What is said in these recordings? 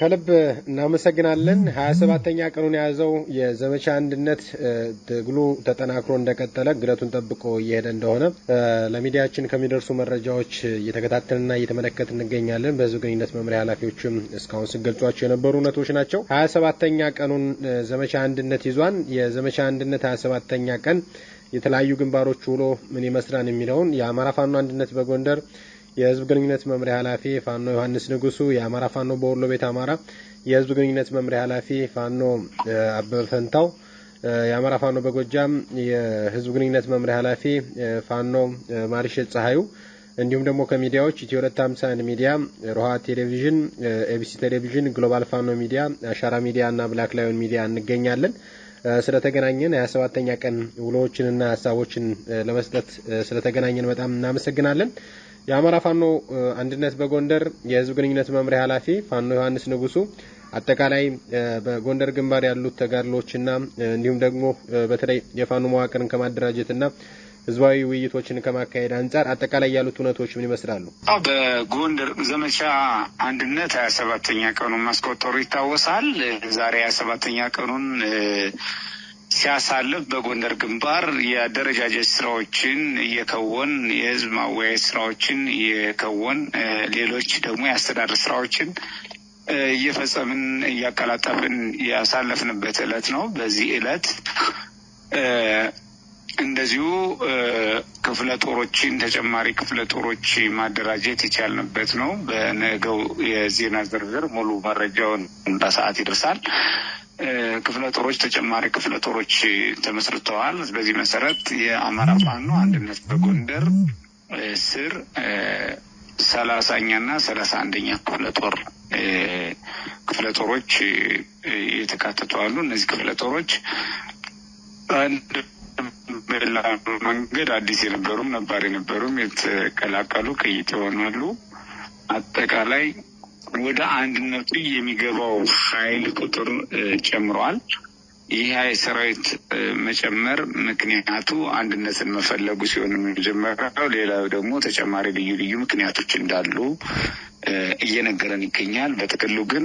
ከልብ እናመሰግናለን። ሀያ ሰባተኛ ቀኑን የያዘው የዘመቻ አንድነት ትግሉ ተጠናክሮ እንደቀጠለ ግለቱን ጠብቆ እየሄደ እንደሆነ ለሚዲያችን ከሚደርሱ መረጃዎች እየተከታተልና እየተመለከት እንገኛለን። በህዝብ ግንኙነት መምሪያ ኃላፊዎችም እስካሁን ስገልጿቸው የነበሩ እውነቶች ናቸው። ሀያ ሰባተኛ ቀኑን ዘመቻ አንድነት ይዟን የዘመቻ አንድነት ሀያ ሰባተኛ ቀን የተለያዩ ግንባሮች ውሎ ምን ይመስላል የሚለውን የአማራ ፋኖ አንድነት በጎንደር የህዝብ ግንኙነት መምሪያ ኃላፊ ፋኖ ዮሐንስ ንጉሱ፣ የአማራ ፋኖ በወሎ ቤት አማራ የህዝብ ግንኙነት መምሪያ ኃላፊ ፋኖ አበበ ፈንታው፣ የአማራ ፋኖ በጎጃም የህዝብ ግንኙነት መምሪያ ኃላፊ ፋኖ ማሪሽ ፀሐዩ እንዲሁም ደግሞ ከሚዲያዎች ኢትዮ 251 ሚዲያ፣ ሮሃ ቴሌቪዥን፣ ኤቢሲ ቴሌቪዥን፣ ግሎባል ፋኖ ሚዲያ፣ አሻራ ሚዲያ እና ብላክ ላዮን ሚዲያ እንገኛለን። ስለተገናኘን 27ኛ ቀን ውሎዎችንና ሀሳቦችን ለመስጠት ስለተገናኘን በጣም እናመሰግናለን። የአማራ ፋኖ አንድነት በጎንደር የህዝብ ግንኙነት መምሪያ ኃላፊ ፋኖ ዮሐንስ ንጉሱ አጠቃላይ በጎንደር ግንባር ያሉት ተጋድሎችና እንዲሁም ደግሞ በተለይ የፋኖ መዋቅርን ከማደራጀትና ህዝባዊ ውይይቶችን ከማካሄድ አንጻር አጠቃላይ ያሉት እውነቶች ምን ይመስላሉ? በጎንደር ዘመቻ አንድነት ሀያ ሰባተኛ ቀኑን ማስቆጠሩ ይታወሳል። ዛሬ ሀያ ሰባተኛ ቀኑን ሲያሳልፍ በጎንደር ግንባር የአደረጃጀት ስራዎችን እየከወን የህዝብ ማወያየት ስራዎችን እየከወን ሌሎች ደግሞ የአስተዳደር ስራዎችን እየፈጸምን እያቀላጠፍን ያሳለፍንበት እለት ነው። በዚህ እለት እንደዚሁ ክፍለ ጦሮችን ተጨማሪ ክፍለ ጦሮች ማደራጀት የቻልንበት ነው። በነገው የዜና ዝርዝር ሙሉ መረጃውን በሰዓት ይደርሳል። ክፍለ ጦሮች ተጨማሪ ክፍለ ጦሮች ተመስርተዋል። በዚህ መሰረት የአማራ ፋኖ አንድነት በጎንደር ስር ሰላሳኛ እና ሰላሳ አንደኛ ክፍለ ጦር ክፍለ ጦሮች የተካተቱ አሉ። እነዚህ ክፍለ ጦሮች በሌላ መንገድ አዲስ የነበሩም ነባር የነበሩም የተቀላቀሉ ቅይጥ ይሆናሉ። አጠቃላይ ወደ አንድነቱ የሚገባው ኃይል ቁጥር ጨምሯል። ይህ ሀይል ሰራዊት መጨመር ምክንያቱ አንድነትን መፈለጉ ሲሆን የመጀመሪያው፣ ሌላው ደግሞ ተጨማሪ ልዩ ልዩ ምክንያቶች እንዳሉ እየነገረን ይገኛል። በጥቅሉ ግን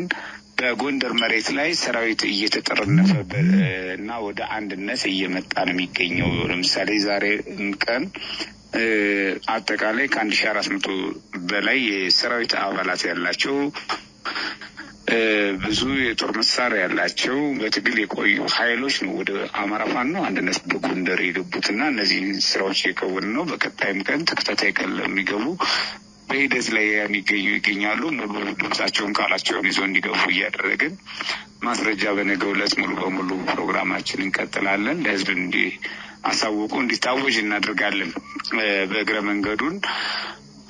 በጎንደር መሬት ላይ ሰራዊት እየተጠረነፈ እና ወደ አንድነት እየመጣ ነው የሚገኘው። ለምሳሌ ዛሬ ቀን አጠቃላይ ከአንድ ሺ አራት መቶ በላይ የሰራዊት አባላት ያላቸው ብዙ የጦር መሳሪያ ያላቸው በትግል የቆዩ ኃይሎች ነው ወደ አማራ ፋኖ አንድነት በጎንደር የገቡትና እነዚህ ስራዎች የከወን ነው። በቀጣይም ቀን ተከታታይ ቀን ለሚገቡ በሂደት ላይ የሚገኙ ይገኛሉ። ሙሉ ድምጻቸውን ቃላቸውን ይዞ እንዲገቡ እያደረግን ማስረጃ በነገ ዕለት ሙሉ በሙሉ ፕሮግራማችን እንቀጥላለን። ለህዝብ እንዲ አሳውቁ እንዲታወጅ እናደርጋለን። በእግረ መንገዱን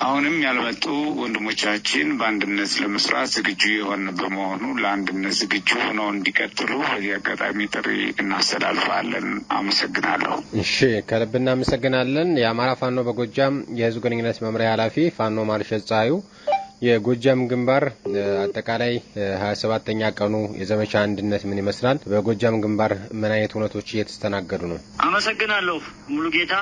አሁንም ያልመጡ ወንድሞቻችን በአንድነት ለመስራት ዝግጁ የሆነ በመሆኑ ለአንድነት ዝግጁ ሆነው እንዲቀጥሉ በዚህ አጋጣሚ ጥሪ እናስተላልፋለን። አመሰግናለሁ። እሺ፣ ከልብ እናመሰግናለን። የአማራ ፋኖ በጎጃም የህዝብ ግንኙነት መምሪያ ኃላፊ ፋኖ ማርሸት ፀሐዩ የጎጃም ግንባር አጠቃላይ ሀያ ሰባተኛ ቀኑ የዘመቻ አንድነት ምን ይመስላል? በጎጃም ግንባር ምን አይነት እውነቶች እየተስተናገዱ ነው? አመሰግናለሁ ሙሉ ጌታ።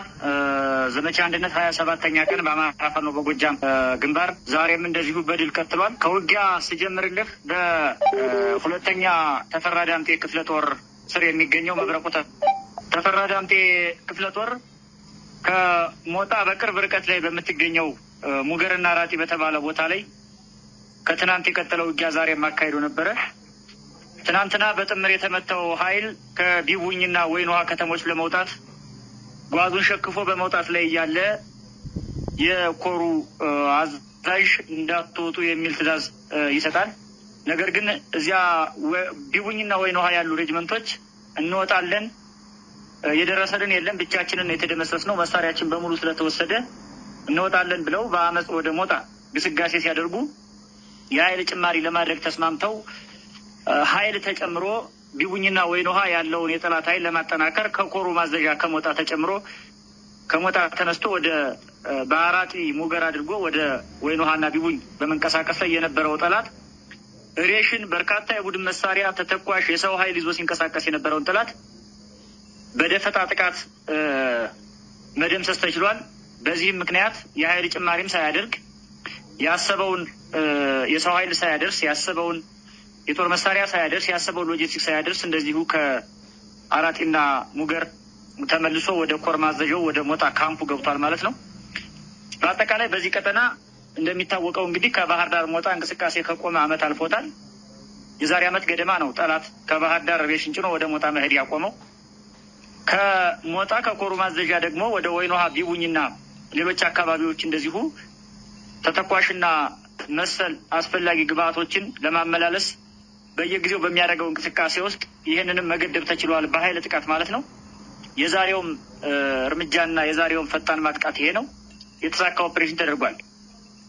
ዘመቻ አንድነት ሀያ ሰባተኛ ቀን በአማራ ፋኖ በጎጃም ግንባር ዛሬም እንደዚሁ በድል ቀጥሏል። ከውጊያ ስጀምርልህ በሁለተኛ ተፈራ ዳምጤ ክፍለ ጦር ስር የሚገኘው መብረቁ ተፈራ ዳምጤ ክፍለ ጦር ከሞጣ በቅርብ ርቀት ላይ በምትገኘው ሙገርና ራጢ በተባለ ቦታ ላይ ከትናንት የቀጠለው ውጊያ ዛሬ የማካሄዱ ነበረ። ትናንትና በጥምር የተመታው ኃይል ከቢቡኝና ወይን ውሃ ከተሞች ለመውጣት ጓዙን ሸክፎ በመውጣት ላይ እያለ የኮሩ አዛዥ እንዳትወጡ የሚል ትዕዛዝ ይሰጣል። ነገር ግን እዚያ ቢቡኝና ወይን ውሃ ያሉ ሬጅመንቶች እንወጣለን፣ የደረሰልን የለም፣ ብቻችንን የተደመሰስ ነው፣ መሳሪያችን በሙሉ ስለተወሰደ እንወጣለን ብለው በአመፅ ወደ ሞጣ ግስጋሴ ሲያደርጉ የኃይል ጭማሪ ለማድረግ ተስማምተው ኃይል ተጨምሮ ቢቡኝና ወይን ውሃ ያለውን የጠላት ኃይል ለማጠናከር ከኮሩ ማዘዣ ከሞጣ ተጨምሮ ከሞጣ ተነስቶ ወደ በአራጢ ሙገር አድርጎ ወደ ወይን ውሃና ቢቡኝ በመንቀሳቀስ ላይ የነበረው ጠላት ሬሽን፣ በርካታ የቡድን መሳሪያ፣ ተተኳሽ፣ የሰው ኃይል ይዞ ሲንቀሳቀስ የነበረውን ጠላት በደፈጣ ጥቃት መደምሰስ ተችሏል። በዚህም ምክንያት የኃይል ጭማሪም ሳያደርግ ያሰበውን የሰው ኃይል ሳያደርስ ያሰበውን የጦር መሳሪያ ሳያደርስ ያሰበውን ሎጂስቲክ ሳያደርስ እንደዚሁ ከአራጢና ሙገር ተመልሶ ወደ ኮር ማዘዣው ወደ ሞጣ ካምፑ ገብቷል ማለት ነው። በአጠቃላይ በዚህ ቀጠና እንደሚታወቀው እንግዲህ ከባህር ዳር ሞጣ እንቅስቃሴ ከቆመ ዓመት አልፎታል። የዛሬ ዓመት ገደማ ነው ጠላት ከባህር ዳር ሬሽን ጭኖ ወደ ሞጣ መሄድ ያቆመው። ከሞጣ ከኮሩ ማዘዣ ደግሞ ወደ ወይን ውሃ ቢቡኝና ሌሎች አካባቢዎች እንደዚሁ ተተኳሽና መሰል አስፈላጊ ግብአቶችን ለማመላለስ በየጊዜው በሚያደርገው እንቅስቃሴ ውስጥ ይህንንም መገደብ ተችሏል፣ በኃይል ጥቃት ማለት ነው። የዛሬውም እርምጃና የዛሬውም ፈጣን ማጥቃት ይሄ ነው። የተሳካ ኦፕሬሽን ተደርጓል።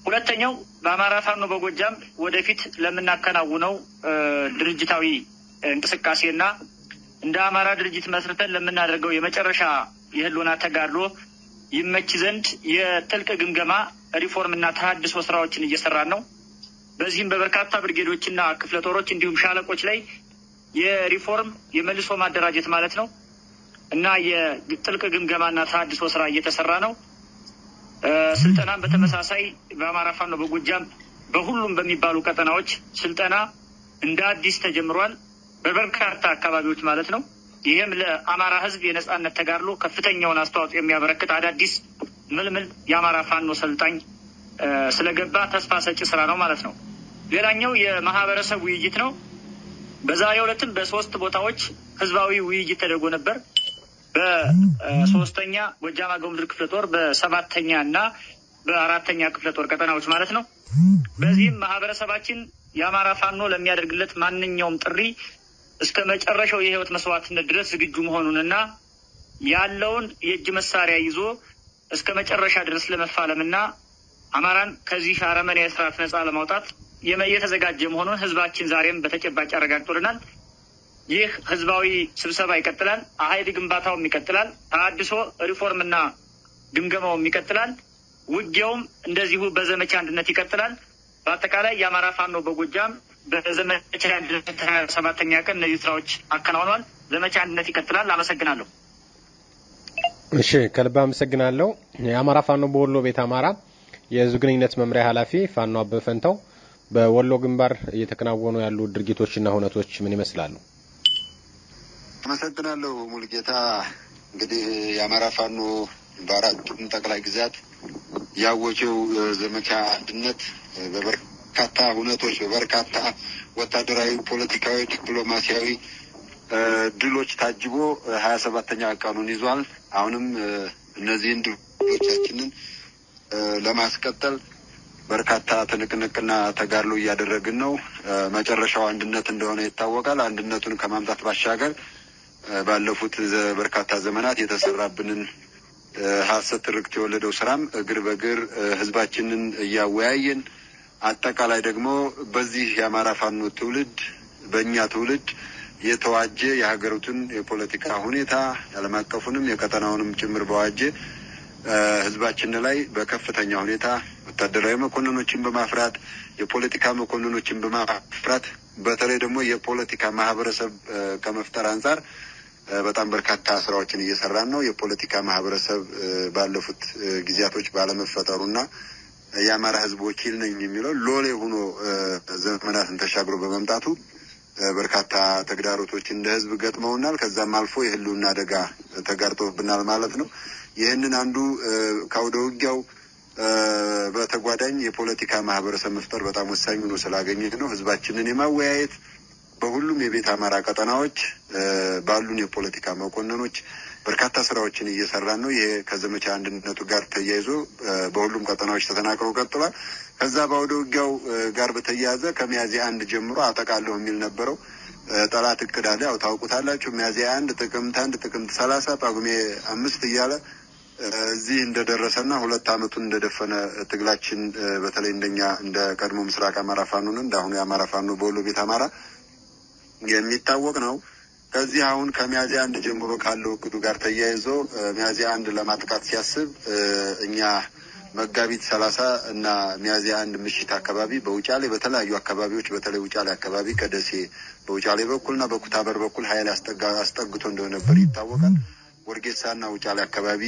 ሁለተኛው በአማራ ፋኖ በጎጃም ወደፊት ለምናከናውነው ድርጅታዊ እንቅስቃሴና እንደ አማራ ድርጅት መስርተን ለምናደርገው የመጨረሻ የህልውና ተጋድሎ ይመች ዘንድ የጥልቅ ግምገማ ሪፎርምና ተሀድሶ ስራዎችን እየሰራን ነው። በዚህም በበርካታ ብርጌዶችና ክፍለ ጦሮች እንዲሁም ሻለቆች ላይ የሪፎርም የመልሶ ማደራጀት ማለት ነው እና የጥልቅ ግምገማና ተሀድሶ ስራ እየተሰራ ነው። ስልጠናም በተመሳሳይ በአማራ ፋኖ በጎጃም በሁሉም በሚባሉ ቀጠናዎች ስልጠና እንደ አዲስ ተጀምሯል። በበርካታ አካባቢዎች ማለት ነው። ይህም ለአማራ ህዝብ የነጻነት ተጋድሎ ከፍተኛውን አስተዋጽኦ የሚያበረክት አዳዲስ ምልምል የአማራ ፋኖ ሰልጣኝ ስለገባ ተስፋ ሰጪ ስራ ነው ማለት ነው። ሌላኛው የማህበረሰብ ውይይት ነው። በዛሬው ዕለትም በሶስት ቦታዎች ህዝባዊ ውይይት ተደርጎ ነበር። በሶስተኛ ጎጃም አገው ምድር ክፍለ ጦር፣ በሰባተኛ እና በአራተኛ ክፍለ ጦር ቀጠናዎች ማለት ነው። በዚህም ማህበረሰባችን የአማራ ፋኖ ለሚያደርግለት ማንኛውም ጥሪ እስከ መጨረሻው የህይወት መስዋዕትነት ድረስ ዝግጁ መሆኑንና ያለውን የእጅ መሳሪያ ይዞ እስከ መጨረሻ ድረስ ለመፋለምና አማራን ከዚህ አረመኔያዊ ስርዓት ነፃ ለማውጣት የተዘጋጀ መሆኑን ህዝባችን ዛሬም በተጨባጭ አረጋግጦልናል። ይህ ህዝባዊ ስብሰባ ይቀጥላል። ሀይል ግንባታውም ይቀጥላል። ተሃድሶ ሪፎርምና ግምገማውም ይቀጥላል። ውጊያውም እንደዚሁ በዘመቻ አንድነት ይቀጥላል። በአጠቃላይ የአማራ ፋኖ በጎጃም በዘመቻ አንድነት ሰባተኛ ቀን እነዚህ ስራዎች አከናውኗል። ዘመቻ አንድነት ይቀጥላል። አመሰግናለሁ። እሺ ከልብ አመሰግናለሁ። የአማራ ፋኖ በወሎ ቤት አማራ የህዝብ ግንኙነት መምሪያ ኃላፊ ፋኖ አበፈንተው በወሎ ግንባር እየተከናወኑ ያሉ ድርጊቶችና ሁነቶች ምን ይመስላሉ? አመሰግናለሁ ሙልጌታ። እንግዲህ የአማራ ፋኖ በአራቱም ጠቅላይ ግዛት ያወጀው ዘመቻ አንድነት በበር በርካታ እውነቶች በበርካታ ወታደራዊ፣ ፖለቲካዊ፣ ዲፕሎማሲያዊ ድሎች ታጅቦ ሀያ ሰባተኛ ቀኑን ይዟል። አሁንም እነዚህን ድሎቻችንን ለማስቀጠል በርካታ ትንቅንቅና ተጋድሎ እያደረግን ነው። መጨረሻው አንድነት እንደሆነ ይታወቃል። አንድነቱን ከማምጣት ባሻገር ባለፉት በርካታ ዘመናት የተሰራብንን ሀሰት ትርክት የወለደው ስራም እግር በእግር ህዝባችንን እያወያየን አጠቃላይ ደግሞ በዚህ የአማራ ፋኖ ትውልድ በእኛ ትውልድ የተዋጀ የሀገሪቱን የፖለቲካ ሁኔታ የዓለም አቀፉንም የቀጠናውንም ጭምር በዋጀ ህዝባችን ላይ በከፍተኛ ሁኔታ ወታደራዊ መኮንኖችን በማፍራት የፖለቲካ መኮንኖችን በማፍራት በተለይ ደግሞ የፖለቲካ ማህበረሰብ ከመፍጠር አንጻር በጣም በርካታ ስራዎችን እየሰራን ነው። የፖለቲካ ማህበረሰብ ባለፉት ጊዜያቶች ባለመፈጠሩና የአማራ ህዝብ ወኪል ነኝ የሚለው ሎሌ ሆኖ ዘመናትን ተሻግሮ በመምጣቱ በርካታ ተግዳሮቶች እንደ ህዝብ ገጥመውናል። ከዛም አልፎ የህልውና አደጋ ተጋርጦብናል ማለት ነው። ይህንን አንዱ ከአውደ ውጊያው በተጓዳኝ የፖለቲካ ማህበረሰብ መፍጠር በጣም ወሳኝ ሆኖ ስላገኘ ነው። ህዝባችንን የማወያየት በሁሉም የቤት አማራ ቀጠናዎች ባሉን የፖለቲካ መኮንኖች በርካታ ስራዎችን እየሰራን ነው። ይሄ ከዘመቻ አንድነቱ ጋር ተያይዞ በሁሉም ቀጠናዎች ተጠናክሮ ቀጥሏል። ከዛ በአውደ ውጊያው ጋር በተያያዘ ከሚያዝያ አንድ ጀምሮ አጠቃለሁ የሚል ነበረው። ጠላት እቅድ አለ። ያው ታውቁታላችሁ። ሚያዝያ አንድ፣ ጥቅምት አንድ፣ ጥቅምት ሰላሳ ጳጉሜ አምስት እያለ እዚህ እንደደረሰና ሁለት ዓመቱን እንደደፈነ ትግላችን በተለይ እንደኛ እንደ ቀድሞ ምስራቅ አማራ ፋኑን እንደ አሁኑ የአማራ ፋኑ በወሎ ቤት አማራ የሚታወቅ ነው። ከዚህ አሁን ከሚያዚያ አንድ ጀምሮ ካለው እቅዱ ጋር ተያይዞ ሚያዚያ አንድ ለማጥቃት ሲያስብ እኛ መጋቢት ሰላሳ እና ሚያዚያ አንድ ምሽት አካባቢ በውጫሌ በተለያዩ አካባቢዎች በተለይ ውጫሌ አካባቢ ከደሴ በውጫሌ በኩልና በኩታበር በኩል ኃይል አስጠግቶ እንደነበር ይታወቃል። ወርጌሳና ውጫሌ አካባቢ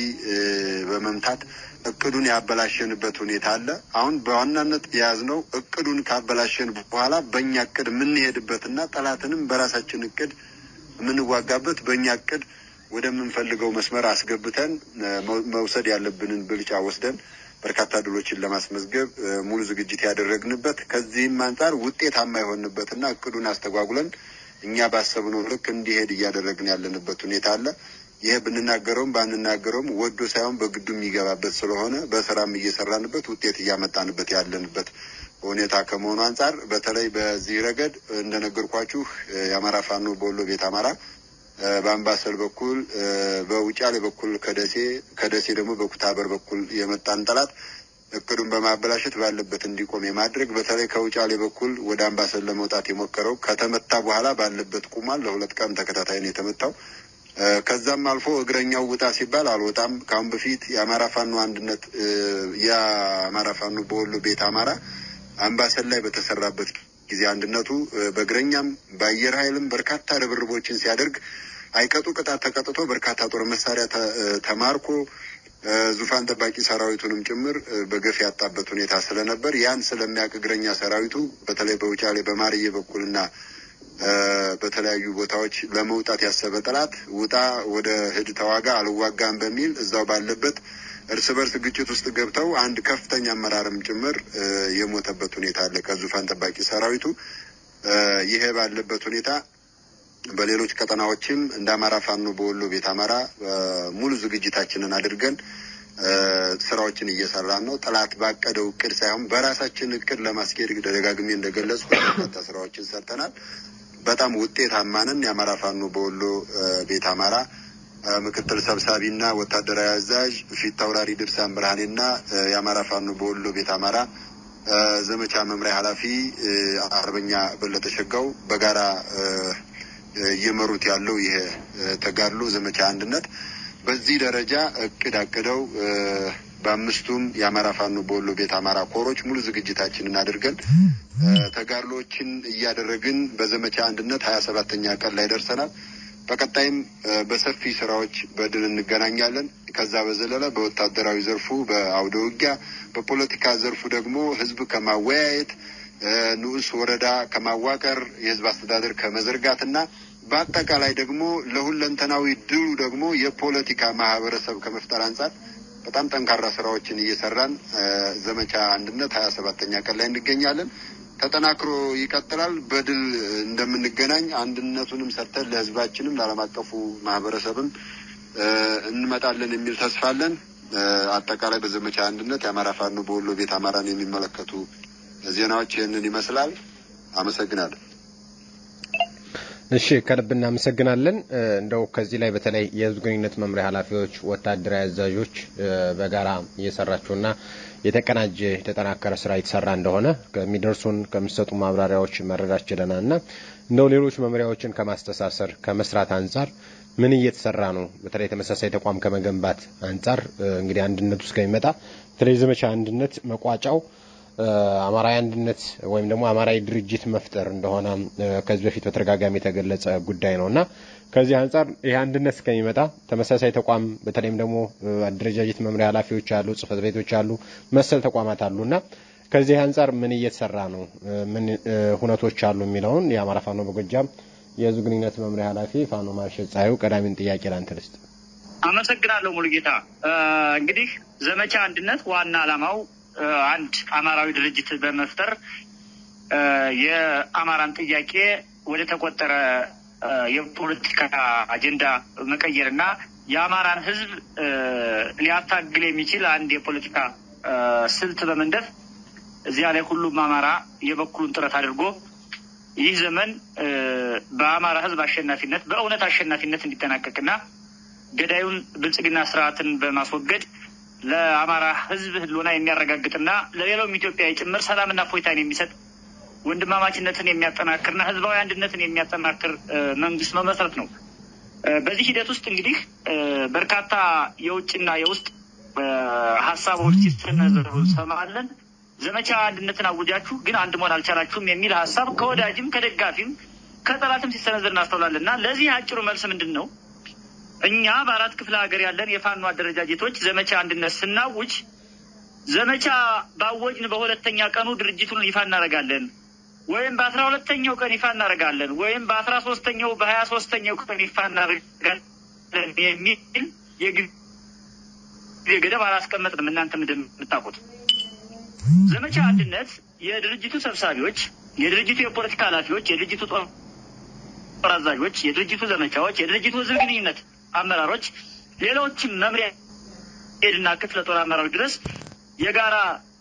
በመምታት እቅዱን ያበላሸንበት ሁኔታ አለ። አሁን በዋናነት የያዝነው እቅዱን ካበላሸን በኋላ በእኛ እቅድ የምንሄድበትና ጠላትንም በራሳችን እቅድ የምንዋጋበት በእኛ እቅድ ወደምንፈልገው መስመር አስገብተን መውሰድ ያለብንን ብልጫ ወስደን በርካታ ድሎችን ለማስመዝገብ ሙሉ ዝግጅት ያደረግንበት ከዚህም አንጻር ውጤታማ የሆንበትና እቅዱን አስተጓጉለን እኛ ባሰብነው ልክ እንዲሄድ እያደረግን ያለንበት ሁኔታ አለ። ይህ ብንናገረውም ባንናገረውም ወዶ ሳይሆን በግዱ የሚገባበት ስለሆነ በስራም እየሰራንበት ውጤት እያመጣንበት ያለንበት ሁኔታ ከመሆኑ አንጻር በተለይ በዚህ ረገድ እንደነገርኳችሁ የአማራ ፋኖ በወሎ ቤት አማራ በአምባሰል በኩል በውጫሌ በኩል ከደሴ ከደሴ ደግሞ በኩታበር በኩል የመጣን ጠላት እቅዱን በማበላሸት ባለበት እንዲቆም የማድረግ በተለይ ከውጫሌ በኩል ወደ አምባሰል ለመውጣት የሞከረው ከተመታ በኋላ ባለበት ቁሟል። ለሁለት ቀን ተከታታይ ነው የተመታው። ከዛም አልፎ እግረኛው ውጣ ሲባል አልወጣም። ከአሁን በፊት የአማራ ፋኖ አንድነት የአማራ ፋኖ በወሎ ቤት አማራ አምባሰል ላይ በተሰራበት ጊዜ አንድነቱ በእግረኛም በአየር ኃይልም በርካታ ርብርቦችን ሲያደርግ አይቀጡ ቅጣት ተቀጥቶ በርካታ ጦር መሳሪያ ተማርኮ ዙፋን ጠባቂ ሰራዊቱንም ጭምር በገፍ ያጣበት ሁኔታ ስለነበር ያን ስለሚያውቅ እግረኛ ሰራዊቱ በተለይ በውጫሌ በማርዬ በኩልና በተለያዩ ቦታዎች ለመውጣት ያሰበ ጠላት ውጣ፣ ወደ ህድ ተዋጋ፣ አልዋጋም በሚል እዛው ባለበት እርስ በርስ ግጭት ውስጥ ገብተው አንድ ከፍተኛ አመራርም ጭምር የሞተበት ሁኔታ አለ ከዙፋን ጠባቂ ሰራዊቱ። ይሄ ባለበት ሁኔታ በሌሎች ቀጠናዎችም እንደ አማራ ፋኖ በወሎ ቤት አማራ ሙሉ ዝግጅታችንን አድርገን ስራዎችን እየሰራን ነው። ጠላት ባቀደው እቅድ ሳይሆን በራሳችን እቅድ ለማስኬድ ደጋግሜ እንደገለጽኩ በርካታ ስራዎችን ሰርተናል። በጣም ውጤታማ ነን። የአማራ ፋኖ በወሎ ቤት አማራ ምክትል ሰብሳቢና ወታደራዊ አዛዥ ፊት አውራሪ ድርሳን ብርሃኔና የአማራ ፋኖ በወሎ ቤት አማራ ዘመቻ መምሪያ ኃላፊ አርበኛ በለጠ ሸጋው በጋራ እየመሩት ያለው ይሄ ተጋድሎ ዘመቻ አንድነት በዚህ ደረጃ እቅድ አቅደው በአምስቱም የአማራ ፋኖ በወሎ ቤት አማራ ኮሮች ሙሉ ዝግጅታችንን አድርገን ተጋድሎችን እያደረግን በዘመቻ አንድነት ሀያ ሰባተኛ ቀን ላይ ደርሰናል። በቀጣይም በሰፊ ስራዎች በድል እንገናኛለን። ከዛ በዘለለ በወታደራዊ ዘርፉ በአውደ ውጊያ፣ በፖለቲካ ዘርፉ ደግሞ ህዝብ ከማወያየት ንዑስ ወረዳ ከማዋቀር የህዝብ አስተዳደር ከመዘርጋትና በአጠቃላይ ደግሞ ለሁለንተናዊ ድሉ ደግሞ የፖለቲካ ማህበረሰብ ከመፍጠር አንጻር በጣም ጠንካራ ስራዎችን እየሰራን ዘመቻ አንድነት ሀያ ሰባተኛ ቀን ላይ እንገኛለን። ተጠናክሮ ይቀጥላል። በድል እንደምንገናኝ አንድነቱንም ሰርተን ለህዝባችንም ለዓለም አቀፉ ማህበረሰብም እንመጣለን የሚል ተስፋ አለን። አጠቃላይ በዘመቻ አንድነት የአማራ ፋኖ በወሎ ቤት አማራን የሚመለከቱ ዜናዎች ይህንን ይመስላል። አመሰግናለሁ። እሺ ከልብ እናመሰግናለን። እንደው ከዚህ ላይ በተለይ የህዝብ ግንኙነት መምሪያ ኃላፊዎች፣ ወታደራዊ አዛዦች በጋራ እየሰራችሁና የተቀናጀ የተጠናከረ ስራ የተሰራ እንደሆነ ከሚደርሱን ከሚሰጡ ማብራሪያዎች መረዳት ችለና እና እንደው ሌሎች መምሪያዎችን ከማስተሳሰር ከመስራት አንጻር ምን እየተሰራ ነው? በተለይ ተመሳሳይ ተቋም ከመገንባት አንጻር እንግዲህ አንድነቱ እስከሚመጣ በተለይ ዘመቻ አንድነት መቋጫው አማራዊ አንድነት ወይም ደግሞ አማራዊ ድርጅት መፍጠር እንደሆነ ከዚህ በፊት በተደጋጋሚ የተገለጸ ጉዳይ ነው እና ከዚህ አንጻር ይህ አንድነት እስከሚመጣ ተመሳሳይ ተቋም በተለይም ደግሞ አደረጃጀት መምሪያ ኃላፊዎች አሉ፣ ጽህፈት ቤቶች አሉ፣ መሰል ተቋማት አሉ እና ከዚህ አንጻር ምን እየተሰራ ነው፣ ምን ሁነቶች አሉ የሚለውን የአማራ ፋኖ በጎጃም የህዝብ ግንኙነት መምሪያ ኃላፊ ፋኖ ማርሸት ጻዩ ቀዳሚን ጥያቄ ላንተ ልስጥ። አመሰግናለሁ ሙሉጌታ። እንግዲህ ዘመቻ አንድነት ዋና ዓላማው አንድ አማራዊ ድርጅት በመፍጠር የአማራን ጥያቄ ወደ ተቆጠረ የፖለቲካ አጀንዳ መቀየር እና የአማራን ሕዝብ ሊያታግል የሚችል አንድ የፖለቲካ ስልት በመንደፍ እዚያ ላይ ሁሉም አማራ የበኩሉን ጥረት አድርጎ ይህ ዘመን በአማራ ሕዝብ አሸናፊነት በእውነት አሸናፊነት እንዲጠናቀቅና ገዳዩን ብልጽግና ስርዓትን በማስወገድ ለአማራ ህዝብ ህልውና የሚያረጋግጥና ለሌላውም ኢትዮጵያ ጭምር ሰላምና ፎይታን የሚሰጥ ወንድማማችነትን የሚያጠናክርና ህዝባዊ አንድነትን የሚያጠናክር መንግስት መመስረት ነው። በዚህ ሂደት ውስጥ እንግዲህ በርካታ የውጭና የውስጥ ሀሳቦች ሲሰነዘሩ ሰማለን። ዘመቻ አንድነትን አውጃችሁ ግን አንድ መሆን አልቻላችሁም የሚል ሀሳብ ከወዳጅም ከደጋፊም ከጠላትም ሲሰነዘር እናስተውላለን እና ለዚህ አጭሩ መልስ ምንድን ነው? እኛ በአራት ክፍለ ሀገር ያለን የፋኖ አደረጃጀቶች ዘመቻ አንድነት ስናውጅ ዘመቻ ባወጅን በሁለተኛ ቀኑ ድርጅቱን ይፋ እናደርጋለን ወይም በአስራ ሁለተኛው ቀን ይፋ እናደርጋለን ወይም በአስራ ሶስተኛው በሀያ ሶስተኛው ቀን ይፋ እናደርጋለን የሚል የጊዜ ገደብ አላስቀመጥንም። እናንተ እንደምታውቁት ዘመቻ አንድነት የድርጅቱ ሰብሳቢዎች፣ የድርጅቱ የፖለቲካ ኃላፊዎች፣ የድርጅቱ ጦር አዛዦች፣ የድርጅቱ ዘመቻዎች፣ የድርጅቱ ህዝብ ግንኙነት አመራሮች፣ ሌሎችም መምሪያ ሄድና ክፍለ ጦር አመራር ድረስ የጋራ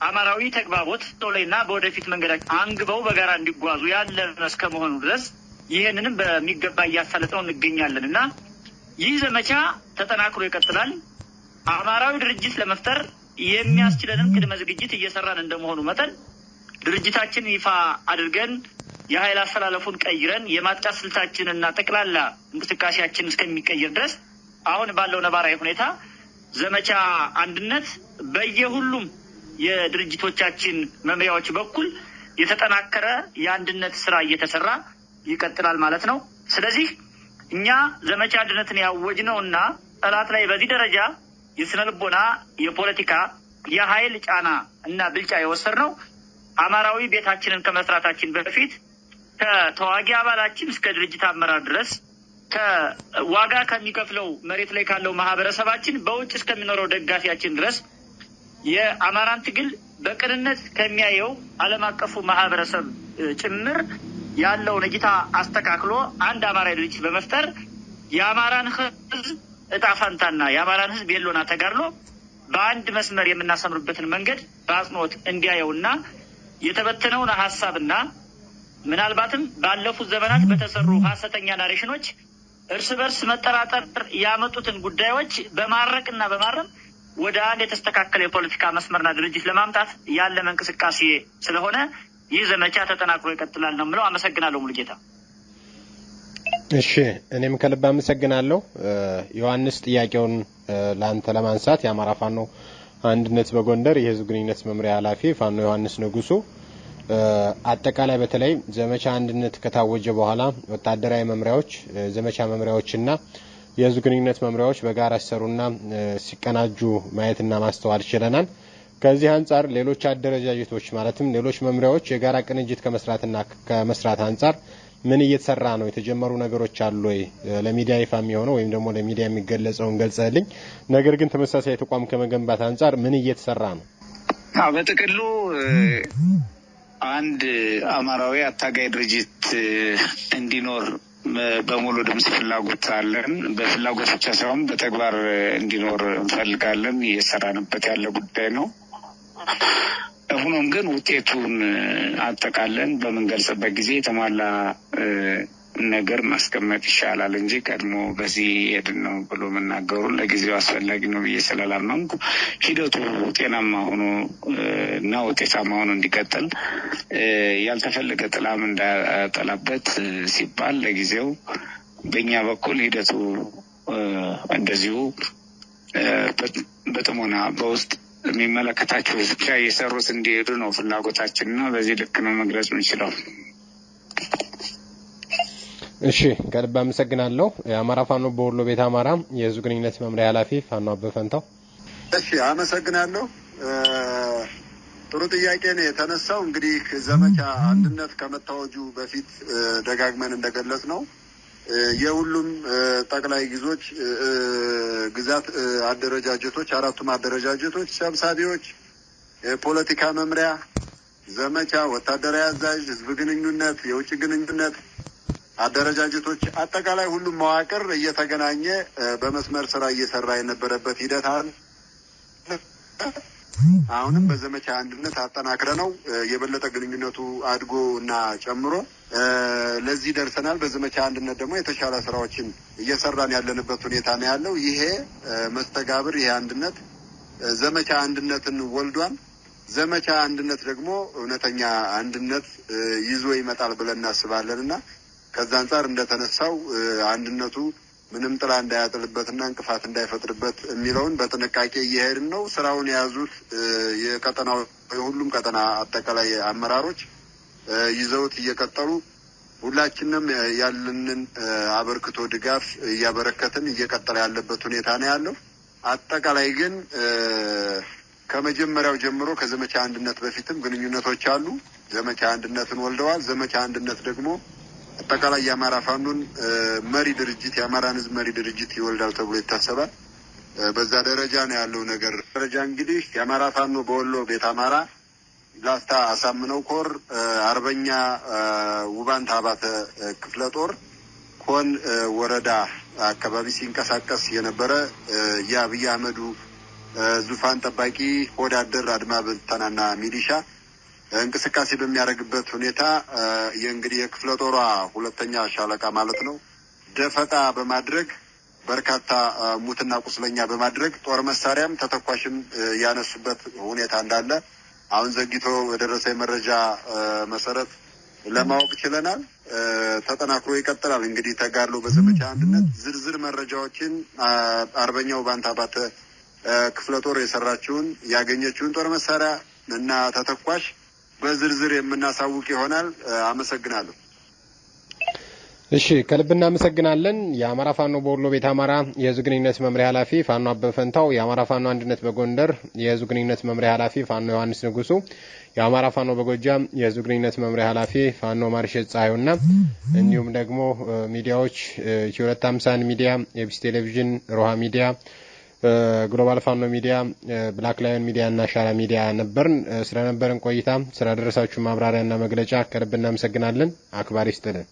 አማራዊ ተግባቦት ላይና በወደፊት መንገዳቸው አንግበው በጋራ እንዲጓዙ ያለን እስከመሆኑ ድረስ ይህንንም በሚገባ እያሳለጥነው እንገኛለን እና ይህ ዘመቻ ተጠናክሮ ይቀጥላል። አማራዊ ድርጅት ለመፍጠር የሚያስችለንም ቅድመ ዝግጅት እየሰራን እንደመሆኑ መጠን ድርጅታችን ይፋ አድርገን የኃይል አስተላለፉን ቀይረን የማጥቃት ስልታችንና ጠቅላላ እንቅስቃሴያችን እስከሚቀይር ድረስ አሁን ባለው ነባራዊ ሁኔታ ዘመቻ አንድነት በየሁሉም የድርጅቶቻችን መምሪያዎች በኩል የተጠናከረ የአንድነት ስራ እየተሰራ ይቀጥላል ማለት ነው። ስለዚህ እኛ ዘመቻ አንድነትን ያወጅነው እና ጠላት ላይ በዚህ ደረጃ የስነልቦና የፖለቲካ፣ የሀይል ጫና እና ብልጫ የወሰድነው አማራዊ ቤታችንን ከመስራታችን በፊት ከተዋጊ አባላችን እስከ ድርጅት አመራር ድረስ ከዋጋ ከሚከፍለው መሬት ላይ ካለው ማህበረሰባችን በውጭ እስከሚኖረው ደጋፊያችን ድረስ የአማራን ትግል በቅንነት ከሚያየው ዓለም አቀፉ ማህበረሰብ ጭምር ያለውን እይታ አስተካክሎ አንድ አማራ ድርጅት በመፍጠር የአማራን ህዝብ እጣ ፈንታና የአማራን ህዝብ የሎና ተጋድሎ በአንድ መስመር የምናሰምርበትን መንገድ በአጽንኦት እንዲያየውና የተበተነውን ሀሳብና ምናልባትም ባለፉት ዘመናት በተሰሩ ሀሰተኛ ናሬሽኖች እርስ በርስ መጠራጠር ያመጡትን ጉዳዮች በማረቅና በማረም ወደ አንድ የተስተካከለ የፖለቲካ መስመርና ድርጅት ለማምጣት ያለመ እንቅስቃሴ ስለሆነ ይህ ዘመቻ ተጠናክሮ ይቀጥላል ነው የምለው። አመሰግናለሁ ሙሉጌታ። እሺ እኔም ከልብ አመሰግናለሁ ዮሐንስ። ጥያቄውን ለአንተ ለማንሳት የአማራ ፋኖ አንድነት በጎንደር የህዝብ ግንኙነት መምሪያ ኃላፊ ፋኖ ዮሐንስ ንጉሱ አጠቃላይ በተለይ ዘመቻ አንድነት ከታወጀ በኋላ ወታደራዊ መምሪያዎች፣ ዘመቻ መምሪያዎችና የህዝብ ግንኙነት መምሪያዎች በጋራ ሲሰሩና ሲቀናጁ ማየትና ማስተዋል ችለናል። ከዚህ አንጻር ሌሎች አደረጃጀቶች ማለትም ሌሎች መምሪያዎች የጋራ ቅንጅት ከመስራትና ከመስራት አንጻር ምን እየተሰራ ነው? የተጀመሩ ነገሮች አሉ ወይ? ለሚዲያ ይፋ የሚሆነው ወይም ደግሞ ለሚዲያ የሚገለጸውን ገልጸልኝ። ነገር ግን ተመሳሳይ ተቋም ከመገንባት አንጻር ምን እየተሰራ ነው? በጥቅሉ አንድ አማራዊ አታጋይ ድርጅት እንዲኖር በሙሉ ድምፅ ፍላጎት አለን። በፍላጎት ብቻ ሳይሆን በተግባር እንዲኖር እንፈልጋለን። እየሰራንበት ያለ ጉዳይ ነው። ሆኖም ግን ውጤቱን አጠቃለን በምንገልጽበት ጊዜ የተሟላ ነገር ማስቀመጥ ይሻላል እንጂ ቀድሞ በዚህ ሄድን ነው ብሎ መናገሩ ለጊዜው አስፈላጊ ነው ብዬ ስላላመንኩ ሂደቱ ጤናማ ሆኖ እና ውጤታማ ሆኖ እንዲቀጥል ያልተፈለገ ጥላም እንዳጠላበት ሲባል ለጊዜው በእኛ በኩል ሂደቱ እንደዚሁ በጥሞና በውስጥ የሚመለከታቸው ብቻ እየሰሩት እንዲሄዱ ነው ፍላጎታችን እና በዚህ ልክ ነው መግለጽ የምንችለው። እሺ ከልብ አመሰግናለሁ። የአማራ ፋኖ በወሎ ቤት አማራ የህዝብ ግንኙነት መምሪያ ኃላፊ ፋኖ አበበ እሺ አመሰግናለሁ። ጥሩ ጥያቄ ነው የተነሳው። እንግዲህ ዘመቻ አንድነት ከመታወጁ በፊት ደጋግመን እንደገለጽ ነው የሁሉም ጠቅላይ ግዞች ግዛት አደረጃጀቶች አራቱም አደረጃጀቶች ሰብሳቢዎች፣ የፖለቲካ መምሪያ፣ ዘመቻ፣ ወታደራዊ አዛዥ፣ ህዝብ ግንኙነት፣ የውጭ ግንኙነት አደረጃጀቶች፣ አጠቃላይ ሁሉም መዋቅር እየተገናኘ በመስመር ስራ እየሰራ የነበረበት ሂደት አለ። አሁንም በዘመቻ አንድነት አጠናክረ ነው የበለጠ ግንኙነቱ አድጎ እና ጨምሮ ለዚህ ደርሰናል። በዘመቻ አንድነት ደግሞ የተሻለ ስራዎችን እየሰራን ያለንበት ሁኔታ ነው ያለው። ይሄ መስተጋብር፣ ይሄ አንድነት ዘመቻ አንድነትን ወልዷል። ዘመቻ አንድነት ደግሞ እውነተኛ አንድነት ይዞ ይመጣል ብለን እናስባለን እና ከዛ አንጻር እንደተነሳው አንድነቱ ምንም ጥላ እንዳያጥልበትና እንቅፋት እንዳይፈጥርበት የሚለውን በጥንቃቄ እየሄድን ነው። ስራውን የያዙት የቀጠናው የሁሉም ቀጠና አጠቃላይ አመራሮች ይዘውት እየቀጠሉ ሁላችንም ያለንን አበርክቶ ድጋፍ እያበረከትን እየቀጠለ ያለበት ሁኔታ ነው ያለው። አጠቃላይ ግን ከመጀመሪያው ጀምሮ ከዘመቻ አንድነት በፊትም ግንኙነቶች አሉ። ዘመቻ አንድነትን ወልደዋል። ዘመቻ አንድነት ደግሞ አጠቃላይ የአማራ ፋኖን መሪ ድርጅት የአማራን ህዝብ መሪ ድርጅት ይወልዳል ተብሎ ይታሰባል። በዛ ደረጃ ነው ያለው ነገር። ደረጃ እንግዲህ የአማራ ፋኖ በወሎ ቤት አማራ ላስታ አሳምነው ኮር አርበኛ ውባንት አባተ ክፍለ ጦር ኮን ወረዳ አካባቢ ሲንቀሳቀስ የነበረ የአብይ አህመዱ ዙፋን ጠባቂ ወዳደር አድማ ብተናና ሚሊሻ እንቅስቃሴ በሚያደርግበት ሁኔታ የእንግዲህ የክፍለ ጦሯ ሁለተኛ ሻለቃ ማለት ነው ደፈጣ በማድረግ በርካታ ሙትና ቁስለኛ በማድረግ ጦር መሳሪያም ተተኳሽም ያነሱበት ሁኔታ እንዳለ አሁን ዘግይቶ በደረሰ የመረጃ መሰረት ለማወቅ ችለናል። ተጠናክሮ ይቀጥላል። እንግዲህ ተጋድሎ በዘመቻ አንድነት ዝርዝር መረጃዎችን አርበኛው ባንታ ባተ ክፍለ ጦር የሰራችውን ያገኘችውን ጦር መሳሪያ እና ተተኳሽ በዝርዝር የምናሳውቅ ይሆናል። አመሰግናለሁ። እሺ ከልብ እናመሰግናለን። የአማራ ፋኖ በወሎ ቤት አማራ የህዝብ ግንኙነት መምሪያ ኃላፊ ፋኖ አበፈንታው የአማራ ፋኖ አንድነት በጎንደር የህዝብ ግንኙነት መምሪያ ኃላፊ ፋኖ ዮሐንስ ንጉሱ፣ የአማራ ፋኖ በጎጃም የህዝብ ግንኙነት መምሪያ ኃላፊ ፋኖ ማርሸት ና እንዲሁም ደግሞ ሚዲያዎች የሁለት አምሳን ሚዲያ፣ ኤቢሲ ቴሌቪዥን፣ ሮሃ ሚዲያ ግሎባል ፋኖ ሚዲያ፣ ብላክ ላይን ሚዲያ እና ሻራ ሚዲያ ነበርን። ስለነበረን ቆይታ ስላደረሳችሁ ማብራሪያና መግለጫ ከልብ እናመሰግናለን። አክባሪ ይስጥልን።